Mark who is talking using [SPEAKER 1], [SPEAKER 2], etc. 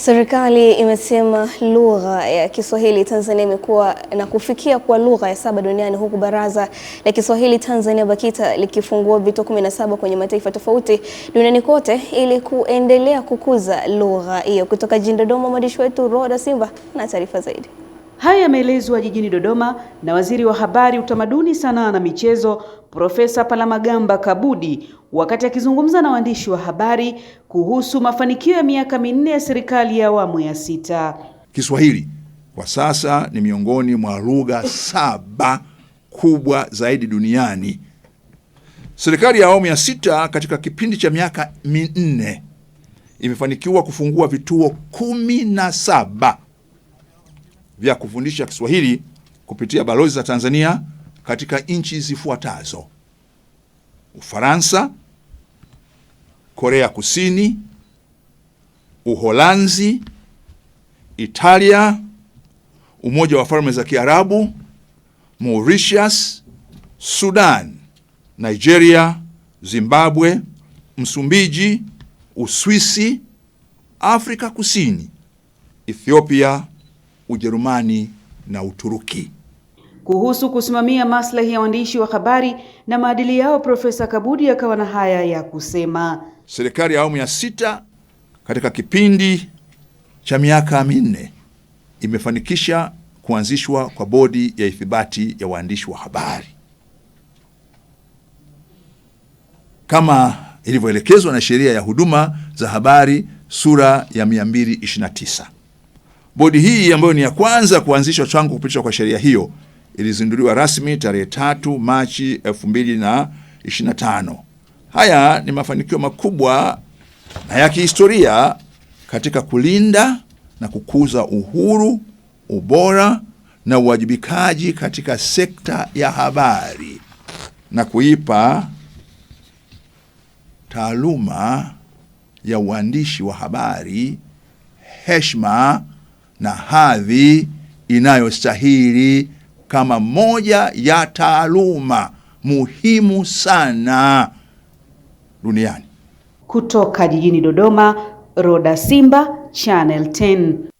[SPEAKER 1] Serikali imesema lugha ya Kiswahili Tanzania imekuwa na kufikia kuwa lugha ya saba duniani huku Baraza la Kiswahili Tanzania BAKITA likifungua vituo 17 kwenye mataifa tofauti duniani kote ili kuendelea kukuza lugha hiyo. Kutoka jijini Dodoma, mwandishi wetu Roda Simba na taarifa zaidi.
[SPEAKER 2] Hayo yameelezwa jijini Dodoma na Waziri wa Habari, Utamaduni, Sanaa na Michezo, Profesa Palamagamba Kabudi wakati akizungumza na waandishi wa habari kuhusu mafanikio ya miaka minne ya serikali ya awamu ya sita.
[SPEAKER 3] Kiswahili kwa sasa ni miongoni mwa lugha saba kubwa zaidi duniani. Serikali ya awamu ya sita katika kipindi cha miaka minne imefanikiwa kufungua vituo kumi na saba vya kufundisha Kiswahili kupitia balozi za Tanzania katika nchi zifuatazo: Ufaransa, Korea Kusini, Uholanzi, Italia, Umoja wa Falme za Kiarabu, Mauritius, Sudan, Nigeria, Zimbabwe, Msumbiji, Uswisi, Afrika Kusini, Ethiopia Ujerumani na Uturuki.
[SPEAKER 2] Kuhusu kusimamia maslahi ya waandishi wa habari na maadili yao, Profesa Kabudi akawa na haya ya kusema.
[SPEAKER 3] Serikali ya awamu ya sita katika kipindi cha miaka minne imefanikisha kuanzishwa kwa bodi ya ithibati ya waandishi wa habari kama ilivyoelekezwa na sheria ya huduma za habari sura ya 229. Bodi hii ambayo ni ya kwanza kuanzishwa tangu kupitishwa kwa sheria hiyo ilizinduliwa rasmi tarehe 3 Machi 2025. Haya ni mafanikio makubwa na ya kihistoria katika kulinda na kukuza uhuru, ubora na uwajibikaji katika sekta ya habari na kuipa taaluma ya uandishi wa habari heshima na hadhi inayostahili kama moja ya taaluma muhimu sana duniani.
[SPEAKER 2] Kutoka jijini Dodoma, Roda Simba, Channel 10.